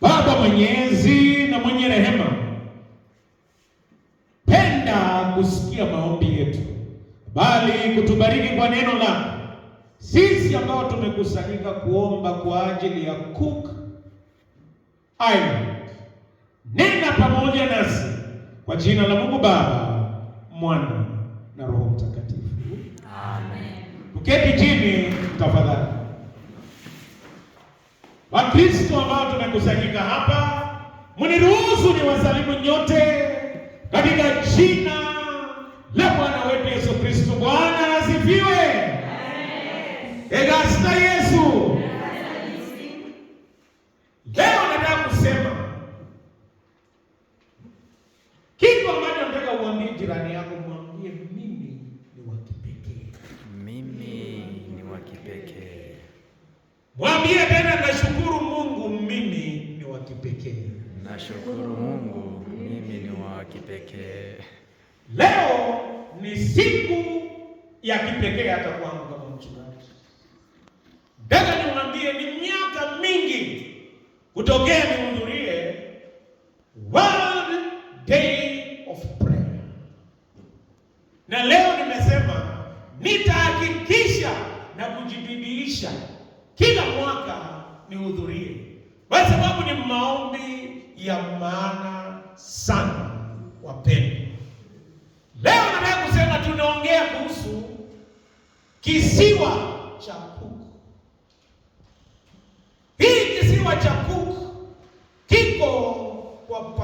Baba mwenyezi na mwenye rehema, penda kusikia maombi yetu, bali kutubariki kwa neno lako sisi ambao tumekusanyika kuomba kwa ajili ya Cook Island. Nena pamoja nasi kwa jina la Mungu Baba, Mwana na Roho Mtakatifu, amen. Uketi chini tafadhali. Wakristo ambao tumekusanyika hapa, mniruhusu ni wasalimu nyote katika jina kipekee. Leo ni siku ya kipekee hata kwangu kama mchungaji. Dada, niwaambie ni miaka mingi kutokea ni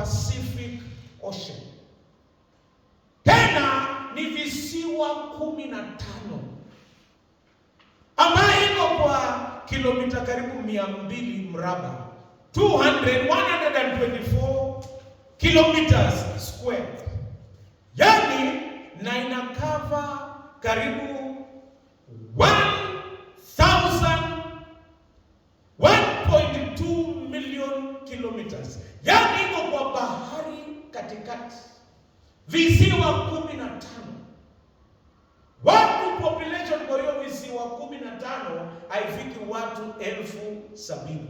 Pacific Ocean. Tena ni visiwa kumi na tano ambayo iko kwa kilomita karibu mia mbili mraba 200 124 kilometers square, yani na inakava karibu one visiwa kumi na tano watu population kwa hiyo visiwa kumi na tano haifiki watu elfu sabini.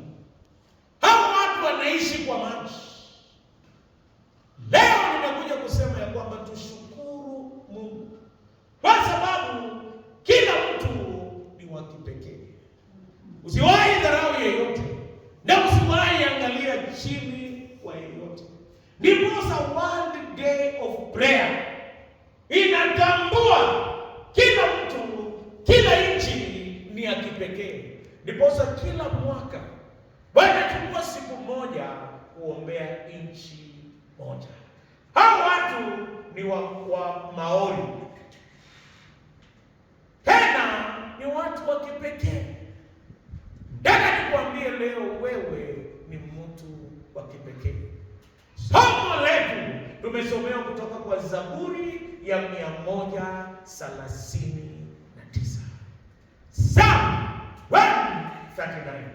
Hao watu wanaishi kwa maji kuombea nchi moja. Hao watu ni wa, wa Maori, tena ni watu wa kipekee. Nataka nikwambie leo, wewe ni mtu wa kipekee. Somo letu tumesomewa kutoka kwa Zaburi ya 139 Psalm 139.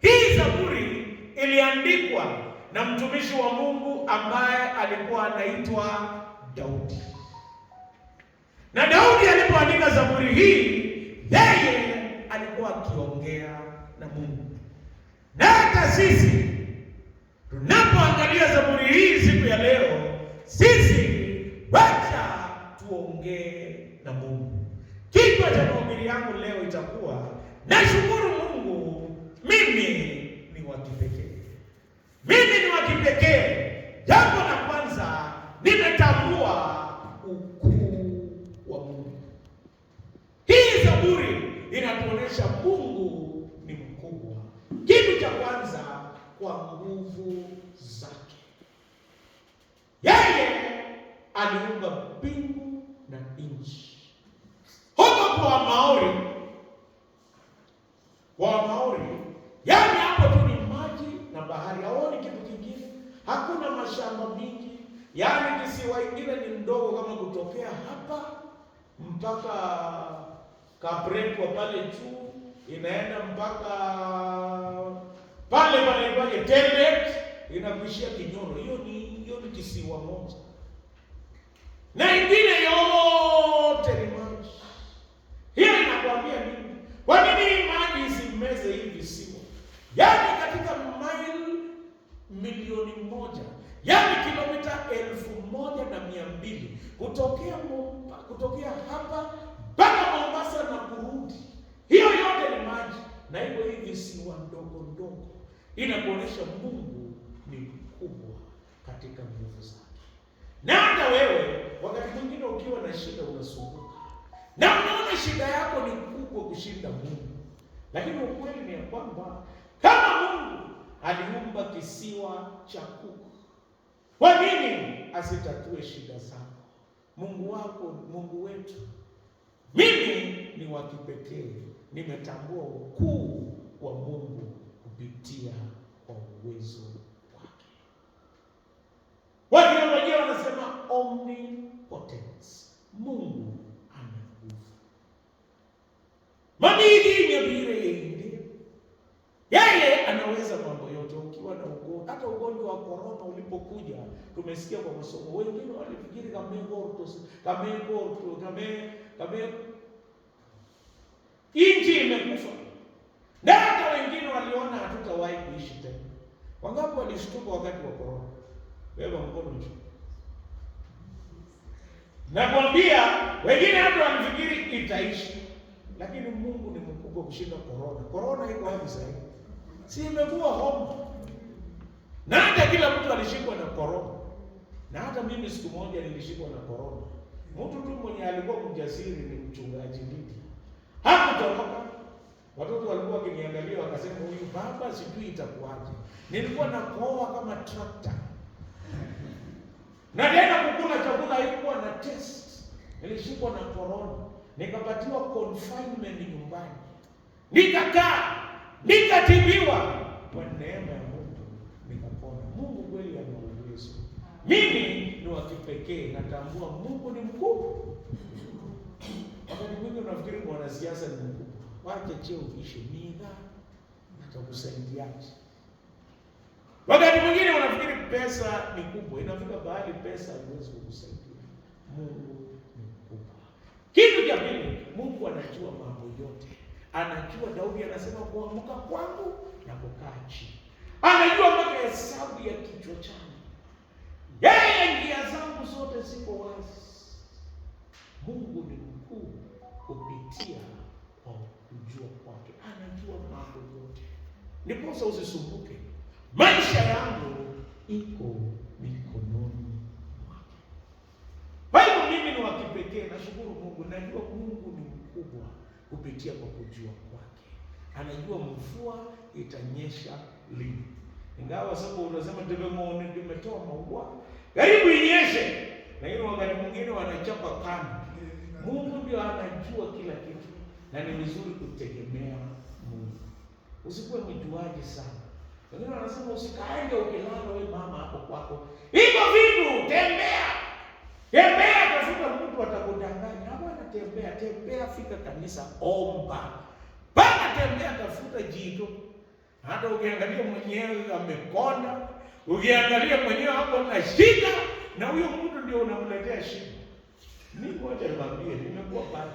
Hii Zaburi iliandikwa na mtumishi wa Mungu ambaye alikuwa anaitwa Daudi. Na Daudi alipoandika Zaburi hii, yeye alikuwa akiongea na Mungu. Na hata sisi tunapoangalia Zaburi hii siku ya leo, sisi wacha tuongee na Mungu. Kichwa cha mahubiri yangu leo itakuwa nashukuru Mungu mimi wa kipekee. Mimi ni wa kipekee. Jambo la kwanza, nimetambua ukuu wa Mungu. Hii Zaburi inatuonyesha Mungu ni mkubwa. Kitu cha kwanza, kwa nguvu zake yeye aliumba mbingu na nchi. Huko kwa Maori, kwa Maori yaani kisiwa ingine ni mdogo kama kutokea hapa mpaka Kabrekwa pale juu inaenda mpaka pale pale pale Tembet inakuishia Kinyoro. Hiyo ni hiyo ni kisiwa moja, na ingine yote ni maji. Hiyo inakwambia nini? Kwa nini maji zimeze hivi visiwa? Yaani katika mile milioni moja yaani kilomita kutokea Momba, kutokea hapa mpaka Mombasa na kurudi, hiyo yote ni maji, na hivyo hii visiwa ndogo ndogo inakuonyesha Mungu ni mkubwa katika nguvu zake. Na hata wewe wakati mwingine ukiwa na shida unasumbuka na unaona shida yako ni kubwa kushinda Mungu, lakini ukweli ni ya kwamba kama Mungu aliumba kisiwa cha kuku kwa nini asitatue shida zako? Mungu wako, Mungu wetu. Mimi ni wa kipekee, nimetambua ukuu wa Mungu kupitia kwa uwezo wake. Wakiolojia wanasema omnipotence, Mungu ana nguvu mabili mabiri yeye anaweza mambo yote. Ukiwa na ugonjwa, hata ugonjwa wa corona ulipokuja, tumesikia kwa masomo, wengine walifikiri kama kama kamego kama kama inji imekufa, na hata wengine waliona hatutawahi kuishi tena. Wangapi walishtuka wakati wa corona? Beba mkono juu. Nakwambia wengine hata walifikiri itaishi, lakini Mungu ni mkubwa kushinda corona. Corona iko hapo sasa si imekuwa homu, na hata kila mtu alishikwa na korona, na hata mimi siku moja nilishikwa na korona. Mtu tu mwenye alikuwa mjasiri ni mchungaji Ndindi, hakutoroka. Watoto walikuwa wakiniangalia wakasema, huyu baba sijui itakuwaje. Nilikuwa nakoa kama trakta na kukula chakula haikuwa na test. Nilishikwa na korona, nikapatiwa confinement nyumbani, nikakaa nikatibiwa kwa neema ya Mungu nikapona. Mungu kweli ana uwezo. Mimi ni wa kipekee, natambua Mungu ni mkubwa. Wakati mwingi unafikiri mwanasiasa ni mkubwa, wacha cheo kiishe, nina atakusaidiaje? Wakati mwingine unafikiri pesa ni kubwa, inafika bahali pesa haiwezi kukusaidia. Mungu ni mkubwa. Kitu cha pili, Mungu anajua mambo yote. Anajua Daudi anasema kuamka kwangu na kukaa chini, anajua mpaka hesabu ya kichwa changu. Yeye njia zangu zote ziko wazi. Mungu ni mkuu kupitia kwa kujua kwake, anajua mambo yote, niposa usisumbuke. Maisha yangu iko mikononi mwake. Kwa mimi ni wa kipekee, nashukuru Mungu, najua Mungu ni mkubwa kupitia kwa kujua kwake. Anajua mvua itanyesha lini, ingawa sasa unasema tegemeo tumetoa maua karibu inyeshe, lakini wakati mwingine wanachapa pana. Mungu ndio anajua kila kitu, na ni vizuri kutegemea Mungu. Usikuwe mjuaji sana. Wengine wanasema usikaende ukilala wewe mama hapo kwako, hivyo vitu tembea tembea, tafuta mtu atakudanganya tembea, fika kanisa, omba bana, tembea, tafuta jito. Hata ukiangalia mwenyewe amekonda, ukiangalia mwenyewe hapo na shida, na huyo mtu ndio unamletea shida. Mimi ngoja nimwambie, nimekuwa pale.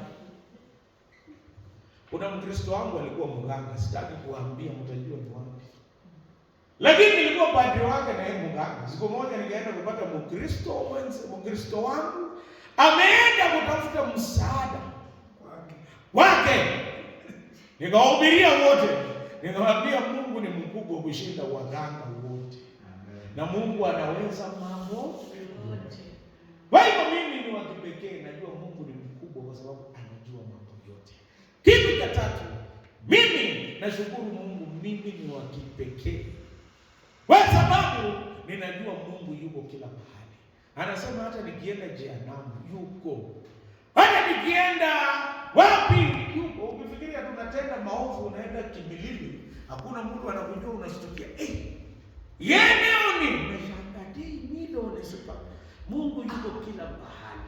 Kuna Mkristo wangu alikuwa mganga, sitaki kuambia, mtajua ni wapi, lakini nilikuwa padri wake na yeye mganga. Siku moja nikaenda kupata Mkristo mwenzi, Mkristo wangu ameenda kutafuta msaada wake, nikawahubiria wote, nikawaambia Mungu ni mkubwa kushinda waganga wote, na Mungu anaweza mambo yote. Kwa hivyo mimi ni wa kipekee, najua Mungu ni mkubwa kwa sababu anajua mambo yote. Kitu cha tatu, mimi nashukuru Mungu, mimi ni wa kipekee kwa sababu ninajua Mungu yuko kila mahali. Anasema hata nikienda jehanamu yuko hata nikienda wapi ukifikiria tunatenda maovu, unaenda kimilili, hakuna mtu anakujua, unashtukia eh, yeneoni umeshangatii Mungu yuko kila mahali.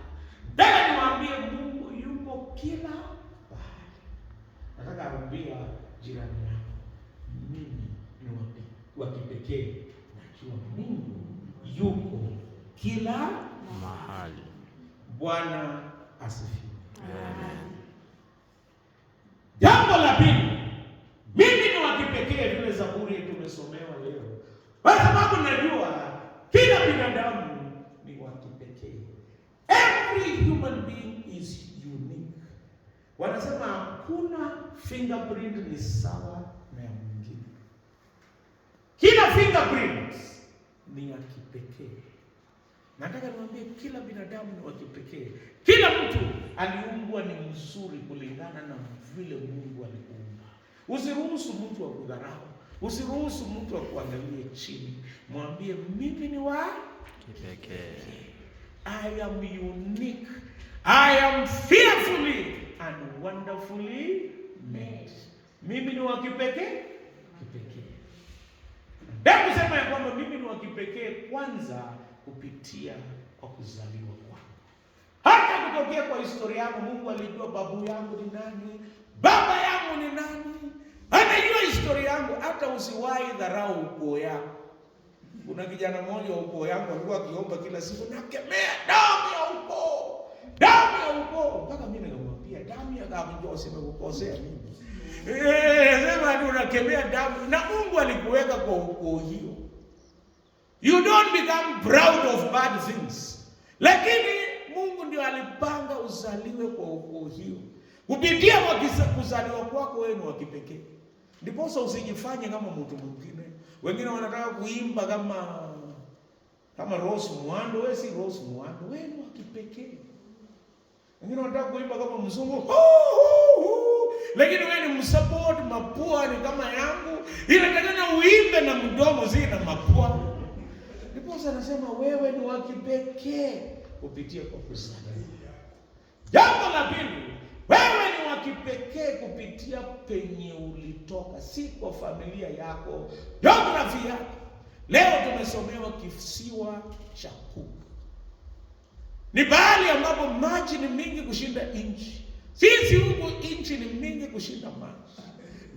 Nataka niwaambie Mungu yuko kila mahali. Nataka kuambia jirani yako, mimi ni wa kipekee, najua Mungu yuko kila mahali. Bwana asifiwe. Jambo la pili, mimi ni wa kipekee vile Zaburi tumesomewa leo, kwa sababu najua kila binadamu ni wa kipekee. Every human being is unique. Wanasema hakuna fingerprint ni sawa na ya mwingine, kila fingerprint ni ya kipekee. Nataka niwaambie kila binadamu ni wa kipekee. Kila mtu aliumbwa ni mzuri kulingana na vile Mungu aliumba. Usiruhusu mtu akudharau, usiruhusu mtu akuangalie chini. Mwambie mimi ni wa kipekee, I am unique, I am fearfully and wonderfully made. Mimi ni wa kipekee kipekee. Hebu sema ya kwamba mimi ni wa kipekee kwanza kupitia kwa kuzaliwa kwako. Hata kutokea kwa historia yangu, Mungu alijua babu yangu ni nani, baba yangu ni nani, anajua historia yangu. Hata usiwahi dharau ukoo yako. Kuna kijana mmoja wa ukoo yangu alikuwa akiomba kila siku, nakemea damu ya ukoo, damu ya ukoo, mpaka mimi nikamwambia damu ya damu ndio usimekukosea mimi. Eh, sema unakemea damu na Mungu alikuweka kwa ukoo hiyo. You don't become proud of bad things, lakini Mungu ndio alipanga uzaliwe kwa ukoo hiyo. Kupitia kwa kuzaliwa kwako wewe ni wa kipekee, ndiposa usijifanye kama mtu mwingine. Wengine wanataka kuimba kama kama Rose Muhando. Wewe si Rose Muhando, wewe ni wa kipekee. Wengine wanataka kuimba kama mzungu, oh, oh, oh. lakini wewe ni msupport. Mapua ni kama yangu, ile tena uimbe na mdomo zile na mapua Mose anasema wewe ni wa kipekee kupitia kwa kusamehe. Jambo la pili, wewe ni wa kipekee kupitia penye ulitoka, si kwa familia yako, geography yako. Leo tumesomewa kisiwa cha Kuba, ni bahari ambapo maji ni mingi kushinda nchi. Sisi huku nchi ni mingi kushinda maji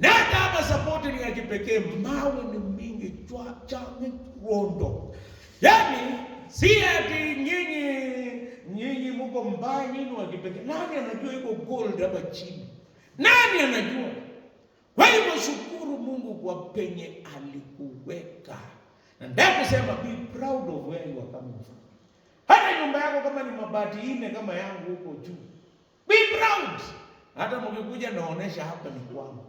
na hapa sapoti ni ya kipekee, mawe ni mingi chwa chame rondo Yaani si ati nyinyi nyinyi mko mbaya, nyinyi wa kipekee. Nani anajua iko gold hapa chini? Nani anajua? Kwa hivyo shukuru Mungu kwa penye alikuweka, na ndio kusema be proud of where you are coming from. Hata nyumba yako kama ni mabati ine kama yangu huko juu, be proud. Hata mkikuja naonesha hapa ni kwangu,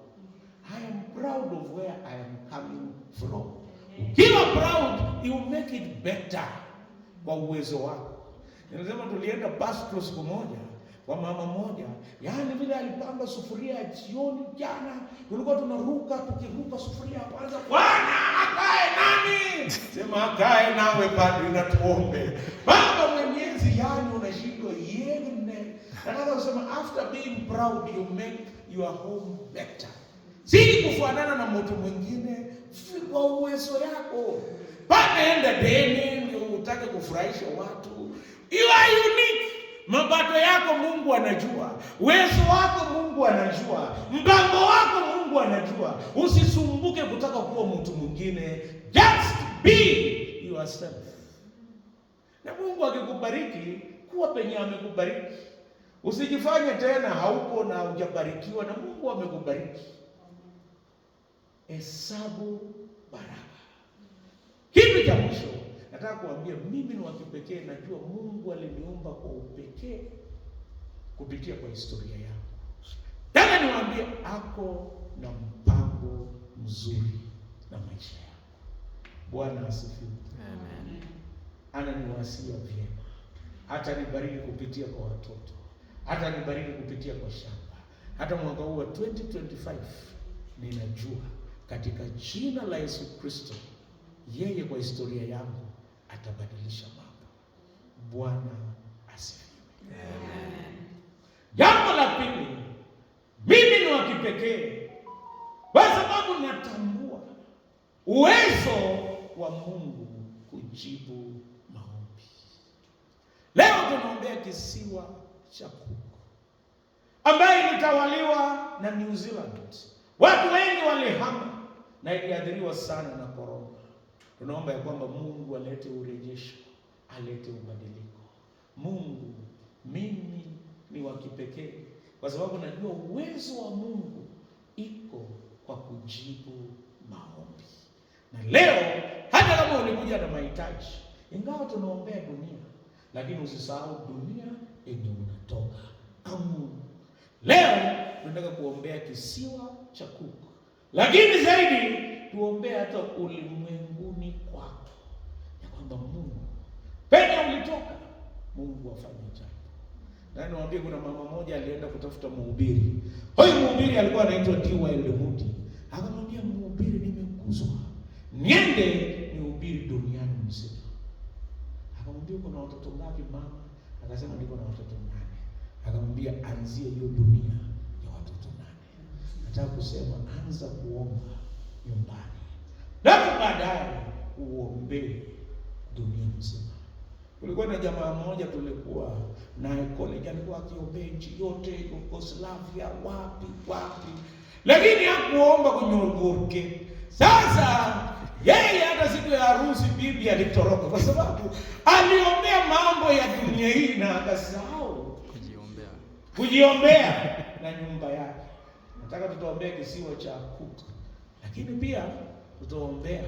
I am proud of where I am coming from. Kiwa proud, he will make it better kwa uwezo wako. Ninasema tulienda Basco siku moja kwa mama moja, yaani vile alipamba sufuria ya jioni jana, tulikuwa tunaruka tukiruka sufuria kwanza. Bwana akae nani? Sema akae nawe padri, na tuombe Baba Mwenyezi. Yani unashindwa yeye, nataka kusema after being proud you make your home better. Zidi kufuatana na mtu mwingine kwa uwezo yako, mpaka ende deni ndio utake kufurahisha watu. You are unique. Mapato yako Mungu anajua, uwezo wako Mungu anajua, mpango wako Mungu anajua. Usisumbuke kutaka kuwa mtu mwingine, just be yourself. Na Mungu akikubariki, kuwa penye amekubariki. Usijifanye tena hauko na hujabarikiwa, na Mungu amekubariki hesabu baraka. Kitu cha mwisho nataka kuambia, mimi ni wa kipekee. Najua Mungu aliniumba kwa upekee kupitia kwa historia yangu. Nataka niwaambie, ako na mpango mzuri na maisha yako. Bwana asifiwe. Amen. Ananiwasia vyema, hata nibariki kupitia kwa watoto, hata nibariki kupitia kwa shamba, hata mwaka huu wa 2025 ninajua katika jina la Yesu Kristo, yeye kwa historia yangu atabadilisha mambo. Bwana asifiwe. Jambo la pili, mimi ni wa kipekee kwa sababu natambua uwezo wa Mungu kujibu maombi. Leo tunaombea kisiwa cha Cook ambaye ilitawaliwa na New Zealand. Watu wengi walihama na iliadhiriwa sana na korona. Tunaomba ya kwamba Mungu alete urejesho, alete ubadiliko. Mungu, mimi ni wa kipekee kwa sababu najua uwezo wa Mungu iko kwa kujibu maombi. Na leo hata kama ulikuja na mahitaji, ingawa tunaombea dunia, lakini usisahau dunia yenye unatoka. Amu, leo tunataka kuombea kisiwa cha Kuku lakini zaidi tuombee hata ulimwenguni kwako, ya kwamba Mungu penye ulitoka, Mungu afanye jambo. Na niwaambie, kuna mama moja alienda kutafuta mhubiri. Huyu mhubiri alikuwa anaitwa D.Y. Moody, akamwambia mhubiri, nimekuzwa niende nihubiri duniani mzima. Akamwambia kuna watoto ngapi mama? Akasema niko na watoto nane. Akamwambia anzie hiyo dunia nataka kusema anza kuomba nyumbani, na baadaye uombee dunia mzima. Kulikuwa na jamaa mmoja tulikuwa naye college, alikuwa akiombea nchi yote, Yugoslavia, wapi wapi, lakini hakuomba kunyongoke. Sasa yeye hata siku ya harusi bibi alitoroka, kwa sababu aliombea mambo ya dunia hii na akasahau kujiombea kujiombea na nyumba yake. Nataka tutaombea kisiwa cha Cook, lakini pia tutaombea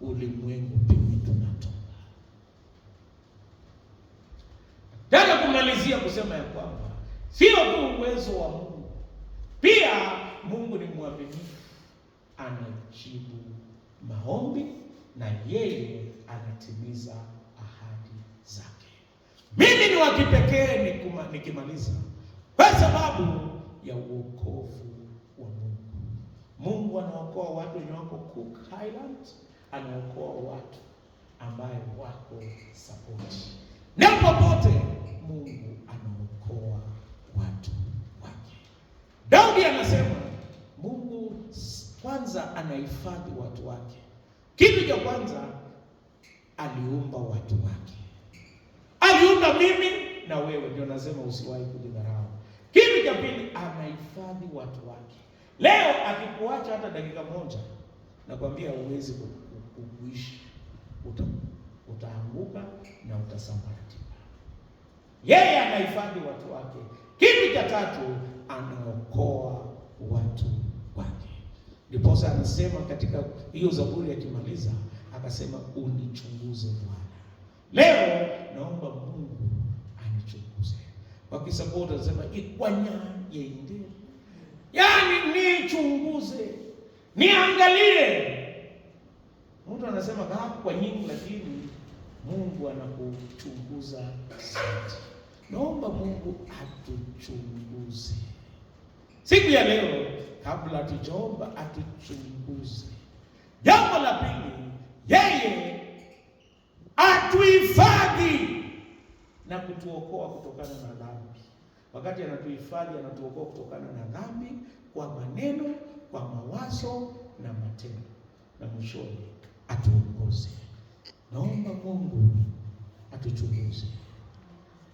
ulimwengu penye tunatoka. Nataka kumalizia kusema ya kwamba sio tu uwezo wa Mungu, pia Mungu ni mwaminifu, anajibu maombi na yeye anatimiza ahadi zake. Mimi ni wa kipekee nikimaliza, kwa sababu ya uokovu wa Mungu. Mungu anaokoa watu wenye wako Cook Highland, anaokoa watu ambayo wako sapoti na popote. Mungu anaokoa watu wake. Daudi anasema Mungu kwanza anahifadhi watu wake. Kitu cha kwanza aliumba watu wake, aliumba mimi na wewe, ndio nasema usiwahi kujidharau. Kitu cha pili, anahifadhi watu wake. Leo akikuacha hata dakika moja, nakwambia huwezi kuishi, uta, utaanguka na utasambaratika. Yeye anahifadhi watu wake. Kitu cha tatu, anaokoa watu wake. Ndiposa anasema katika hiyo Zaburi akimaliza akasema, unichunguze Bwana. Leo naomba Mungu wakisapoti anasema ikwanyaje inde, yaani nichunguze, niangalie. Mtu anasema kwa nyingi, lakini Mungu anakuchunguza zaidi. Naomba Mungu atuchunguze siku ya leo, kabla tujaomba atuchunguze. Jambo la pili, yeye atuhifadhi na kutuokoa kutokana na dhambi. Wakati anatuhifadhi, anatuokoa kutokana na dhambi kwa maneno, kwa mawazo na matendo, na mwishoni atuongoze. Naomba Mungu atuchunguze.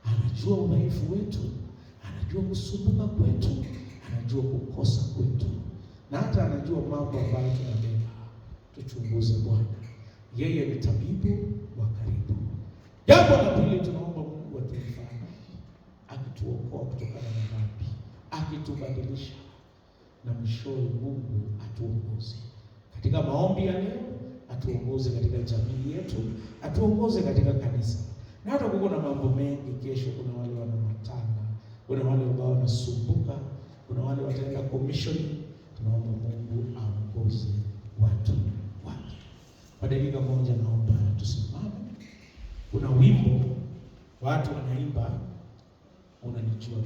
Anajua udhaifu wetu, anajua kusumbuka kwetu, anajua kukosa kwetu, na hata anajua mambo ambayo tunabeba. Tuchunguze Bwana, yeye ni tabibu wa karibu. Jambo la mwishoni Mungu atuongoze katika maombi ya leo, atuongoze katika jamii yetu, atuongoze katika kanisa. Na hata kuko na mambo mengi kesho, kuna wale wana matanga, kuna wale ambao wanasumbuka, kuna wale wataenda commission. Tunaomba Mungu aongoze watu wake. Kwa dakika moja, naomba tusimame. Kuna wimbo watu wanaimba, unanijua